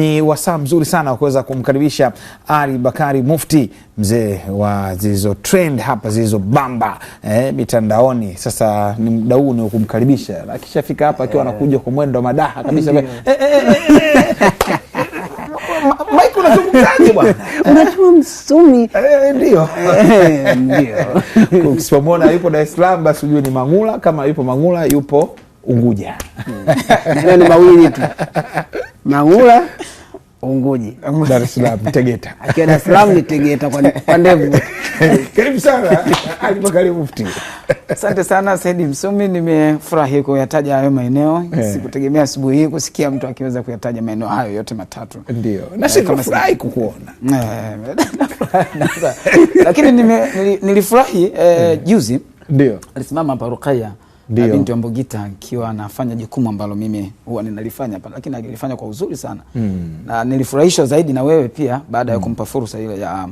Ni wasaa mzuri sana wa kuweza kumkaribisha Ali Bakari Mufti, mzee wa zilizo trend hapa zilizobamba eh, mitandaoni. Sasa ni muda huu ni wa kumkaribisha, akishafika hapa akiwa eh. anakuja kwa mwendo madaha kabisa eh, eh, Mike, unazungumzaje bwana? msumi ndio ndio, ukisipomwona yupo Dar es Salaam basi ujue ni Mang'ula, kama yupo Mang'ula yupo Unguja maneno mm. mawili tu Mang'ula Unguji Dar es Salaam Tegeta, akiwa Dar es Salaam ni Tegeta kwa ndevu. Karibu sana Abubakari Mufti. Asante sana Saidi Msumi, nimefurahi kuyataja hayo maeneo yeah. Sikutegemea asubuhi hii kusikia mtu akiweza kuyataja maeneo hayo yote matatu. Ndio sisi eh, eh, nafurahi kukuona, lakini nilifurahi eh, eh, juzi ndio alisimama hapa Rukaya binti wa Mbogita akiwa anafanya jukumu ambalo mimi huwa ninalifanya pa, lakini alifanya kwa uzuri sana mm. na nilifurahishwa zaidi na wewe pia baada ya mm. kumpa fursa ile ya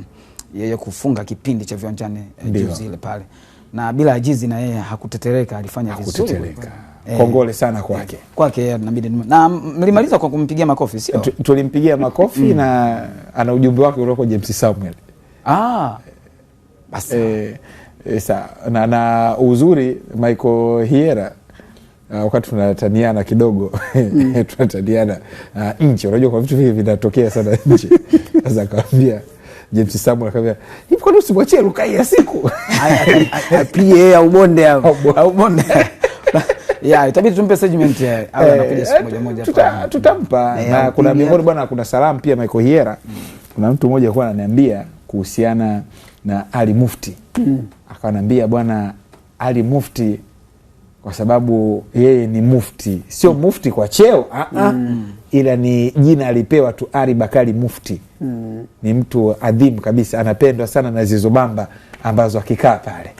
yeye kufunga kipindi cha viwanjani eh, juzi ile pale, na bila ajizi na yeye hakutetereka, alifanya vizuri. Eh. Kongole sana kwake eh, kwake, nabidi na mlimaliza kwa kumpigia makofi, sio tulimpigia makofi hmm. na ana ujumbe wake kutoka James Samuel ah basi eh, Eh, sa, na, na uzuri Michael Hiera uh, wakati tunataniana kidogo mm. tunataniana uh, nchi. Unajua kwa vitu hivi vinatokea sana nchi. Sasa akawambia James Samuel akawambia hivi, kwani usimwachie Rukai siku au bonde au bonde ya itabidi tumpe segment ya au eh, anakuja siku moja moja, tuta, tutampa e, na kuna miongoni bwana, kuna salamu pia Michael Hiera mm. kuna mtu mmoja alikuwa ananiambia kuhusiana na Ali Mufti mm. Akanambia bwana Ali Mufti kwa sababu yeye ni mufti, sio hmm. mufti kwa cheo mm. ila ni jina alipewa tu. Ali Bakari Mufti mm. ni mtu adhimu kabisa, anapendwa sana na Zizobamba ambazo akikaa pale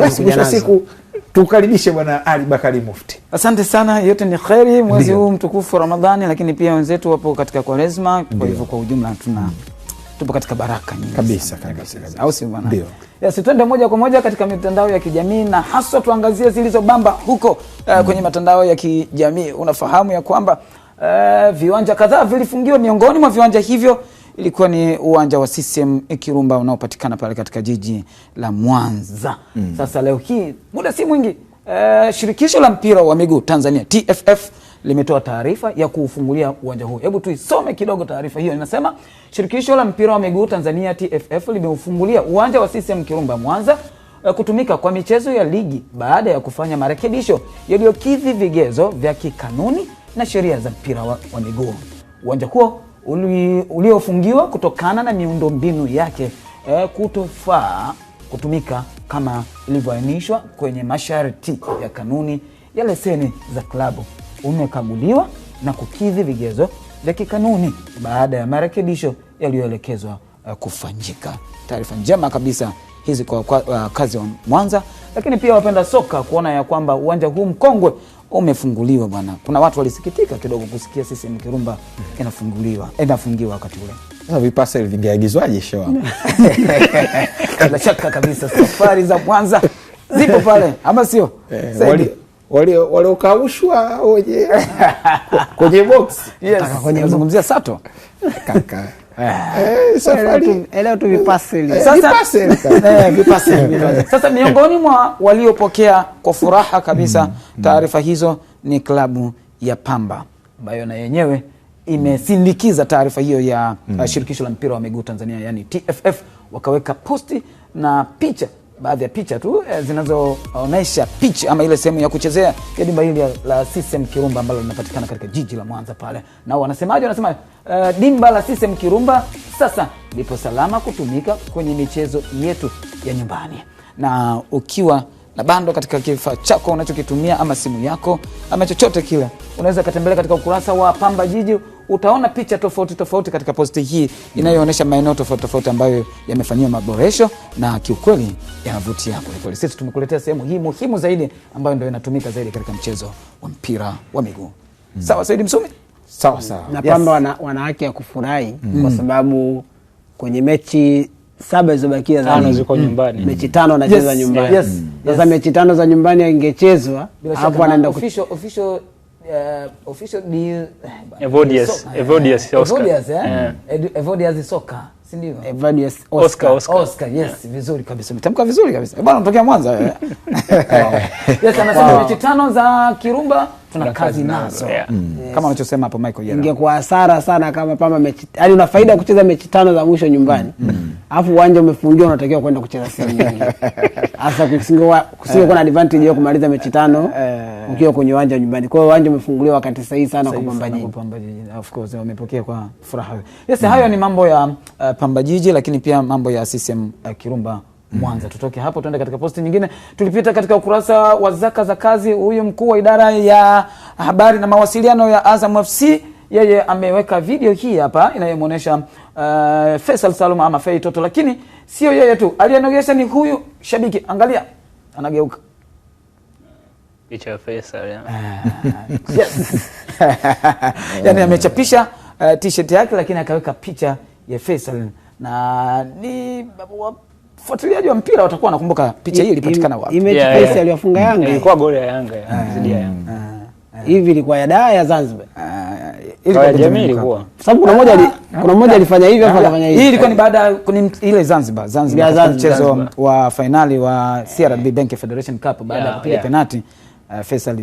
basi mwisho siku tukaribishe Bwana Ali Bakari Mufti. Asante sana, yote ni kheri mwezi huu mtukufu Ramadhani, lakini pia wenzetu wapo katika Kwaresma, kwa hivyo kwa ujumla tuna hmm tupo katika baraka nyingi kabisa kabisa au bwana? Ndio. Yes, moja kwa moja katika mitandao ya kijamii na haswa tuangazie zilizobamba huko uh, mm. kwenye mitandao ya kijamii. Unafahamu ya kwamba uh, viwanja kadhaa vilifungiwa. Miongoni mwa viwanja hivyo ilikuwa ni uwanja wa CCM Kirumba unaopatikana pale katika jiji la Mwanza. mm. Sasa leo hii muda si mwingi, uh, shirikisho la mpira wa miguu Tanzania TFF limetoa taarifa ya kuufungulia uwanja huo. Hebu tuisome kidogo taarifa hiyo. Inasema shirikisho la mpira wa miguu Tanzania TFF limeufungulia uwanja wa CCM Kirumba Mwanza eh, kutumika kwa michezo ya ligi baada ya kufanya marekebisho yaliyokidhi vigezo vya kikanuni na sheria za mpira wa, wa miguu. Uwanja huo uliofungiwa uli kutokana na miundombinu yake eh, kutofaa kutumika kama ilivyoainishwa kwenye masharti ya kanuni ya leseni za klabu umekaguliwa na kukidhi vigezo vya kikanuni baada ya marekebisho yaliyoelekezwa uh, kufanyika. Taarifa njema kabisa hizi kwa kwa uh, wa Mwanza, lakini pia wapenda soka kuona ya kwamba uwanja huu mkongwe umefunguliwa bwana. Kuna watu walisikitika kidogo kusikia sisi mkirumba inafunguliwa inafungiwa wakati ule. vipasa vingeagizwaje shoa Bila shaka kabisa safari za Mwanza zipo pale, ama sio? Eh, waliokaushwa oje kwenye box. Yes. Kwenye Sato kaka sasa. Miongoni mwa waliopokea kwa furaha kabisa mm, mm. taarifa hizo ni klabu ya Pamba ambayo na yenyewe imesindikiza taarifa hiyo ya mm, eh, shirikisho la mpira wa miguu Tanzania yani TFF, wakaweka posti na picha baadhi ya picha tu eh, zinazoonyesha pitch ama ile sehemu ya kuchezea ya dimba hili la CCM Kirumba ambalo linapatikana katika jiji la Mwanza pale. Nao wanasemaje? Wanasema uh, dimba la CCM Kirumba sasa lipo salama kutumika kwenye michezo yetu ya nyumbani, na ukiwa na bando katika kifaa chako unachokitumia ama simu yako ama chochote kile. Unaweza katembelea katika ukurasa wa Pamba Jiji, utaona picha tofauti tofauti katika posti hii inayoonyesha maeneo tofauti tofauti ambayo yamefanyiwa maboresho na kiukweli yanavutia kwelikweli. Sisi tumekuletea sehemu hii muhimu zaidi ambayo ndio inatumika zaidi katika mchezo wa mpira wa miguu. Mm. Sawa Saidi Msumi? Sawa sawa. Na yes, wana, wana haki ya kufurahi mm, kwa sababu kwenye mechi saba zilizobakia za tano ziko hmm. nyumbani, mm. mechi tano anacheza yes. nyumbani. Hmm. yes. Sasa mechi tano za nyumbani angechezwa hapo, anaenda official official uh, official deal eh, Evodius eh. Evodius Oscar Evodius eh? soka si ndio? Evodius Oscar Oscar, Oscar. Oscar. yes, yeah. vizuri kabisa, mtamka vizuri kabisa bwana, unatokea Mwanza wewe. Yes, anasema mechi tano za Kirumba tuna kazi nazo yeah. mm. yes. kama unachosema hapo Michael Jera, ingekuwa hasara sana kama Pamba mechi yani, una faida kucheza mechi tano za mwisho nyumbani mm. Mm. alafu mm. uwanja umefungiwa, unatakiwa kwenda kucheza sehemu nyingine hasa kusingekuwa na advantage ya kumaliza mechi tano eh. ukiwa kwenye uwanja nyumbani. Kwa hiyo uwanja umefunguliwa wakati sahihi sana kwa Pamba Jiji. Pamba of course wamepokea kwa furaha. Yes, mm. hayo ni mambo ya uh, Pamba Jiji, lakini pia mambo ya CCM uh, Kirumba Mwanza. Tutoke hapo tuende katika posti nyingine. Tulipita katika ukurasa wa zaka za kazi. Huyu mkuu wa idara ya habari na mawasiliano ya Azam FC yeye ameweka video hii hapa inayomwonyesha uh, Faisal Salum ama Fei Toto, lakini sio yeye tu aliyenogesha, ni huyu shabiki. Angalia, anageuka picha ya Faisal ya. Eh, yes. Yani amechapisha uh, t-shirt yake, lakini akaweka picha ya Faisal na ni wafuatiliaji wa mpira watakuwa wanakumbuka picha hii ilipatikana wapi. Ile yeah. aliyofunga mm. Yanga ilikuwa goli ya Yanga dhidi ah. ya Yanga. Ah, ah. Hivi ilikuwa ya daa ya Zanzibar. Ilikuwa. Sababu kuna mmoja kuna moja alifanya hivi hapa alifanya hivi. Hii ilikuwa ni baada ya ile Zanzibar, Zanzibar ya mchezo wa finali wa CRB Bank Federation Cup baada ya kupiga penalti uh, Faisal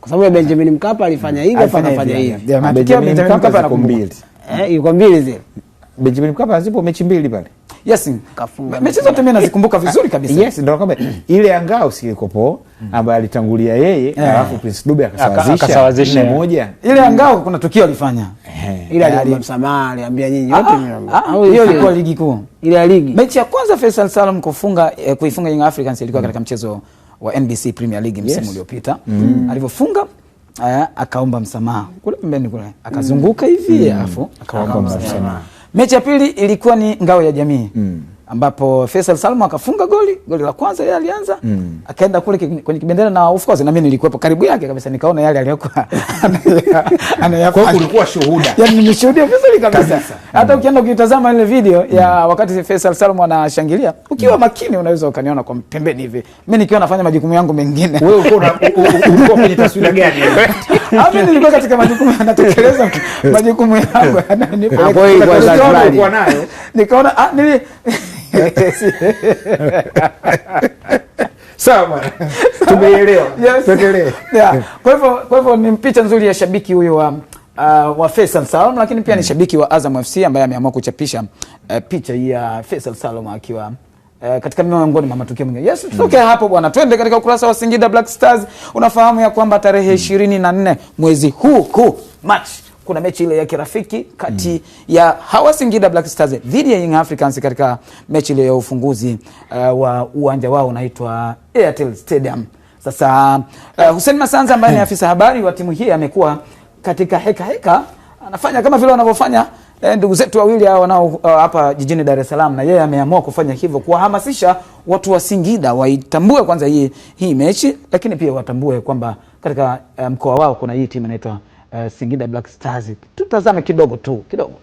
kwa sababu ya Benjamin Mkapa alifanya hivi hapa anafanya hivi. Benjamin Mkapa anakumbuka. Eh, yuko mbili zile. Benjamin Mkapa azipo mechi mbili pale. Yes. Mechi zote mimi nazikumbuka vizuri kabisa. Yes, ndio kwamba ile ya ngao silikopo ambayo alitangulia yeye eh. alafu Prince Dube akasawazisha moja. Ile ya ngao kuna tukio alifanya. Eh. Ile alimsamaha, yaani- aliambia nyinyi wote ah, mliomo. Ah, ah, hiyo ilikuwa ligi kuu. Ile ya ligi. Mechi ya kwanza Faisal Salam kufunga eh, kuifunga Young Africans ilikuwa mm. katika mchezo wa NBC Premier League msimu uliopita. Mm. Alivyofunga akaomba msamaha. Kule pembeni kule akazunguka mm. hivi alafu akaomba msamaha. Mechi ya pili ilikuwa ni ngao ya jamii mm ambapo Faisal Salum akafunga goli goli la kwanza yeye alianza mm. akaenda kule kwenye kibendera na of course na mimi nilikuwepo karibu yake kabisa nikaona yale aliyokuwa anayafanya kulikuwa shuhuda yani nimeshuhudia Faisal kabisa hata mm. ukienda ukitazama ile video mm. ya wakati Faisal Salum anashangilia ukiwa mm. makini unaweza ukaniona kwa pembeni hivi mimi nikiwa nafanya majukumu yangu mengine wewe ulikuwa ulikuwa kwenye taswira gani ah, mimi nilikuwa katika majukumu natekeleza majukumu yangu nikaona ah nili Sawa tumeelewa. Kwa hivyo kwa hivyo ni picha nzuri ya shabiki huyo wa Uh, wa Faisal Salum lakini pia mm. ni shabiki wa Azam FC ambaye ameamua kuchapisha uh, picha ya Faisal Salum akiwa uh, katika miongoni mwa matukio mengine. Yes, tutoke mm. hapo bwana, twende katika ukurasa wa Singida Black Stars. Unafahamu ya kwamba tarehe mm. ishirini mm. na nne mwezi huu huu mach kuna mechi ile ya kirafiki kati mm. ya hawa Singida Black Stars dhidi ya Young Africans katika mechi ile ya ufunguzi uh, wa uwanja wao unaitwa Airtel Stadium. Sasa uh, Hussein Masanza ambaye ni hmm. afisa habari wa timu hii amekuwa katika heka heka, anafanya kama vile wanavyofanya eh, ndugu zetu wawili hao wanao uh, hapa uh, jijini Dar es Salaam, na yeye ameamua kufanya hivyo kuwahamasisha watu wa Singida waitambue kwanza hii hii mechi, lakini pia watambue kwamba katika uh, mkoa um, wao kuna hii timu inaitwa uh, Singida Black Stars. Tutazame kidogo tu kidogo.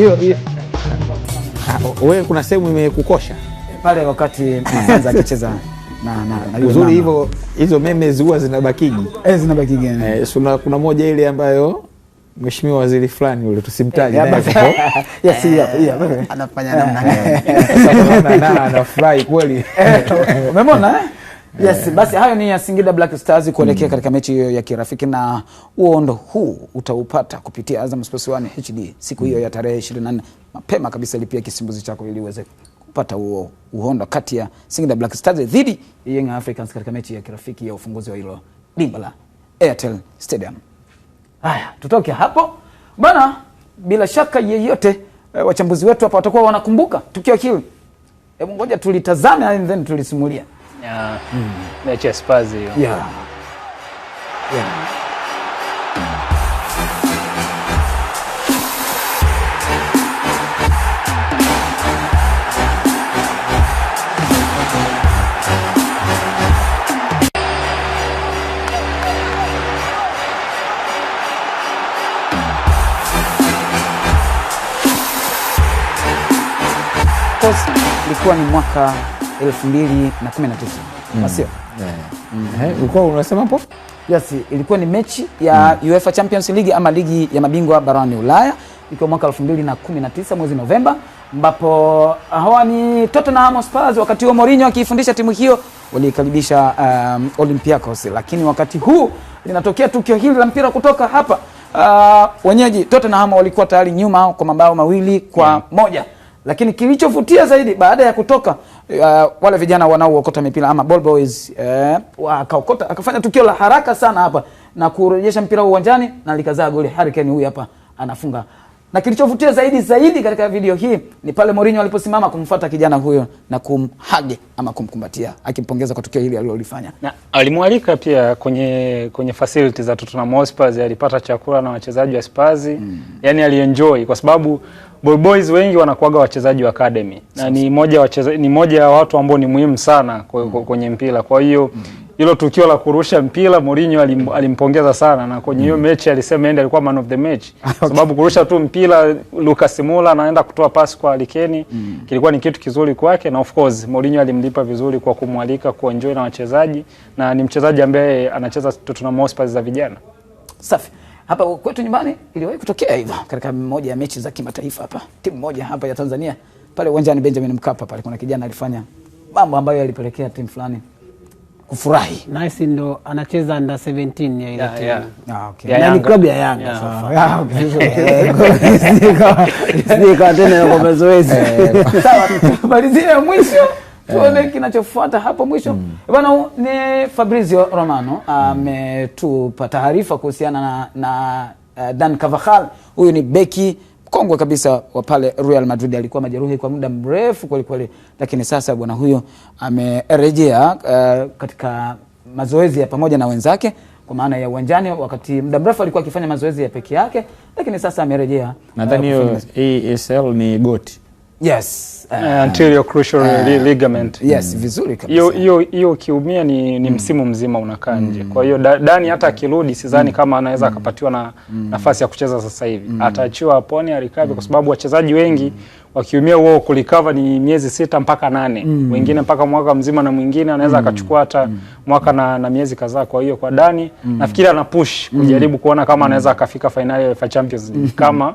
hiyo ah, Wewe kuna sehemu imekukosha eh, pale wakati Masanza akicheza na, na, na uzuri hivyo, hizo meme huwa zinabakiji eh, zinabakiji eh, kuna, eh, kuna moja ile ambayo mheshimiwa waziri fulani ule tusimtaje anafanya namna gani? Anafurahi kweli, eh, umemona Yes, eh. basi hayo ni ya Singida Black Stars kuelekea mm, katika mechi hiyo ya kirafiki na uondo huu utaupata kupitia Azam Sports One HD siku hiyo mm. ya tarehe 24. Mapema kabisa lipia kisimbuzi chako ili uweze kupata huo uondo kati ya Singida Black Stars dhidi ya Young Africans katika mechi ya kirafiki ya ufunguzi wa hilo dimba la Airtel Stadium. Haya, tutoke hapo bana, bila shaka yeyote eh, wachambuzi wetu hapa watakuwa wanakumbuka tukio hili. Hebu ngoja tulitazame and then tulisimulia yeah. mm. mechi ya Spurs hiyo yeah. yeah. ilikuwa ni mwaka 2019 mm. ah, mm. eh, ulikuwa unasema hapo? Yes, ilikuwa ni mechi ya mm. UEFA Champions League ama ligi ya mabingwa barani Ulaya ikiwa mwaka 2019 mwezi Novemba, ambapo hawa ni Tottenham Hotspur, wakati huo Mourinho akiifundisha timu hiyo waliikaribisha um, Olympiacos, lakini wakati huu linatokea tukio hili la mpira kutoka hapa uh, wenyeji Tottenham walikuwa tayari nyuma kwa mabao mawili kwa yeah. moja lakini kilichovutia zaidi baada ya kutoka uh, wale vijana wanaookota mipira ama ball boys eh, akaokota akafanya tukio la haraka sana hapa na kurejesha mpira uwanjani na likazaa goli. hurricane huyu hapa anafunga. Na kilichovutia zaidi zaidi katika video hii ni pale Mourinho aliposimama kumfuata kijana huyo na kumhage ama kumkumbatia akimpongeza kwa tukio hili alilolifanya. Na alimwalika pia kwenye kwenye facility za Tottenham Hotspur, alipata chakula na wachezaji wa Spurs. Mm. Yaani alienjoy kwa sababu Ball Boys wengi wanakuaga wachezaji wa academy na ni moja wacheza, ni moja ya watu ambao ni muhimu sana mm-hmm. kwenye mpira. Kwa hiyo mm-hmm. hilo mm. tukio la kurusha mpira Mourinho alim, alimpongeza sana na kwenye hiyo mm. mechi alisema yeye alikuwa man of the match okay. Sababu kurusha tu mpira Lucas Moura anaenda kutoa pasi kwa Alikeni mm. kilikuwa ni kitu kizuri kwake, na of course Mourinho alimlipa vizuri kwa kumwalika kuenjoy na wachezaji, na ni mchezaji ambaye anacheza Tottenham Hotspur za vijana safi hapa kwetu nyumbani iliwahi kutokea hivyo katika moja ya mechi za kimataifa hapa, timu moja hapa ya Tanzania pale uwanjani Benjamin Mkapa pale, kuna kijana alifanya mambo ambayo yalipelekea timu fulani kufurahi. Nice, ndo anacheza under 17 ya ile timu Ah, okay. ya ni klabu ya Yanga sasa, sio kwa tena kwa mazoezi. Sawa, tumalizie mwisho tuone yeah. kinachofuata hapo mwisho mm. Bwana, ni Fabrizio Romano ah, mm. ametupa mm. taarifa kuhusiana na, na uh, Dan kavahal Huyu ni beki mkongwe kabisa wa pale Real Madrid, alikuwa majeruhi kwa muda mrefu kwelikweli kweli, lakini sasa bwana huyo amerejea uh, katika mazoezi ya pamoja na wenzake kwa maana ya uwanjani. Wakati muda mrefu alikuwa akifanya mazoezi ya peke yake, lakini sasa amerejea. Eh, Nadhani hiyo uh, ni goti Yes. Uh, anterior crucial uh, ligament. Yes, mm. vizuri kabisa. Hiyo hiyo hiyo ukiumia ni, ni mm. msimu mzima unakaa nje. Mm. Kwa hiyo Dani hata mm. akirudi sidhani mm. kama anaweza akapatiwa na mm. nafasi ya kucheza sasa hivi. Mm. Ataachiwa apone mm. kwa sababu wachezaji wengi wakiumia huo kulikava ni miezi sita mpaka nane. Mm. Wengine mpaka mwaka mzima na mwingine anaweza akachukua hata mm. mwaka na, na miezi kadhaa. Kwa hiyo kwa Dani mm. nafikiri ana push kujaribu kuona kama anaweza akafika finali ya UEFA Champions League kama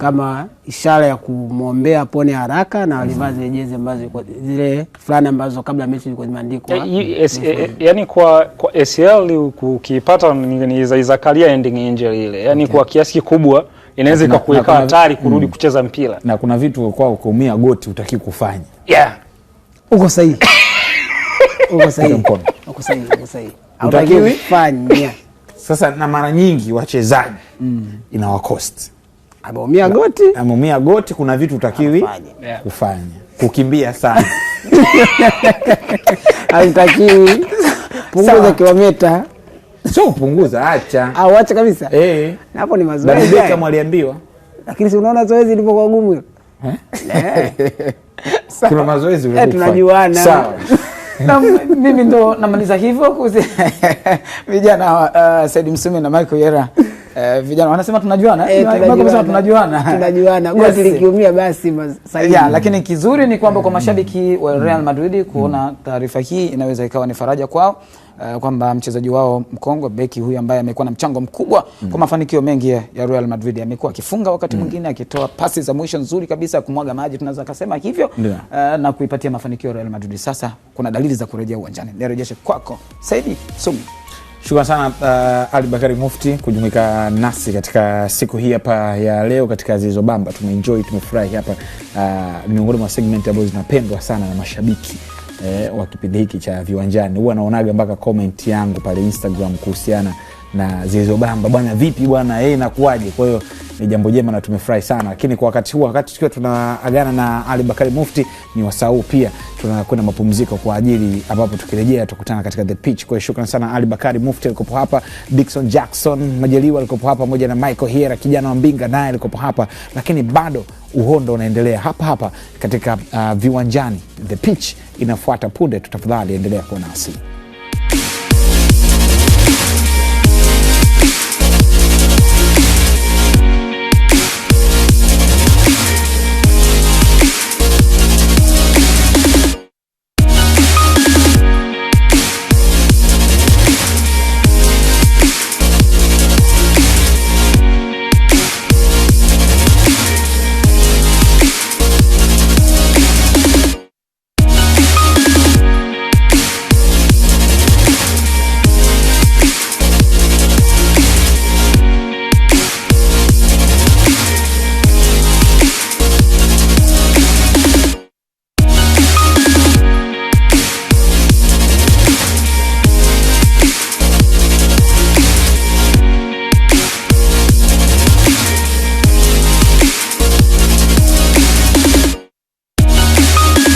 kama ishara ya kumwombea pone haraka, na walivaa mm-hmm. zile jezi ambazo zile fulani ambazo kabla mechi ilikuwa zimeandikwa. Eh, eh, yani kwa kwa ACL ukipata ni za Zakaria ending injury ile, yani kwa kiasi kikubwa inaweza ikakuweka hatari kurudi mm. kucheza mpira, na kuna vitu kwa kuumia goti utaki kufanya. Yeah, uko sahihi, uko sahihi, uko sahihi, uko sahihi, Sasa na mara nyingi wachezaji mm. inawakosti ameumia goti, ameumia goti, kuna vitu utakiwi yeah. kufanya, kukimbia sana haitakiwi punguza kilomita, sio kupunguza, acha au acha kabisa eh. Hapo ni mazoezi kama aliambiwa, lakini si unaona zoezi lilivyokuwa gumu eh? kuna mazoezi eh, tunajuana. Mimi ndo namaliza hivyo vijana uh, Said Msumi na Michael Yera Eh, vijana wanasema tunajuana, eh, tunajuana, tunajuana, tunajuana. Yes. likiumia basi sahihi. Yeah, lakini kizuri ni kwamba kwa mm. mashabiki wa mm. Real Madrid mm. kuona taarifa hii inaweza ikawa ni faraja kwao, uh, kwamba mchezaji wao mkongwe beki huyu ambaye amekuwa na mchango mkubwa kwa mafanikio mengi ya Real Madrid amekuwa akifunga wakati mwingine akitoa pasi za mwisho nzuri kabisa kumwaga maji tunaweza kusema hivyo uh, na kuipatia mafanikio Real Madrid. Sasa kuna dalili za kurejea uwanjani. Nirejeshe kwako Saidi Sumi. Shukran sana uh, Ali Bakari Mufti kujumuika nasi katika siku hii hapa ya leo katika Zilizobamba. tumenjoi tumefurahi hapa. Uh, miongoni mwa segment ambazo zinapendwa sana na mashabiki eh, wa kipindi hiki cha Viwanjani. Huwa anaonaga mpaka comment yangu pale Instagram kuhusiana na zilizobamba bwana, vipi bwana, yeye eh, inakuwaje? Kwa hiyo ni jambo jema na tumefurahi sana, lakini kwa wakati huu, wakati tukiwa tunaagana na Ali Bakari Mufti, ni wasahau pia tunakwenda mapumziko kwa ajili ambapo tukirejea tukutana katika the pitch. Kwa hiyo shukrani sana Ali Bakari Mufti alikopo hapa, dikson Jackson Majaliwa alikopo hapa, pamoja na Michael Hiera kijana wa Mbinga naye alikopo hapa, lakini bado uhondo unaendelea hapa hapa katika uh, viwanjani. The pitch inafuata punde, tutafadhali endelea kuwa nasi.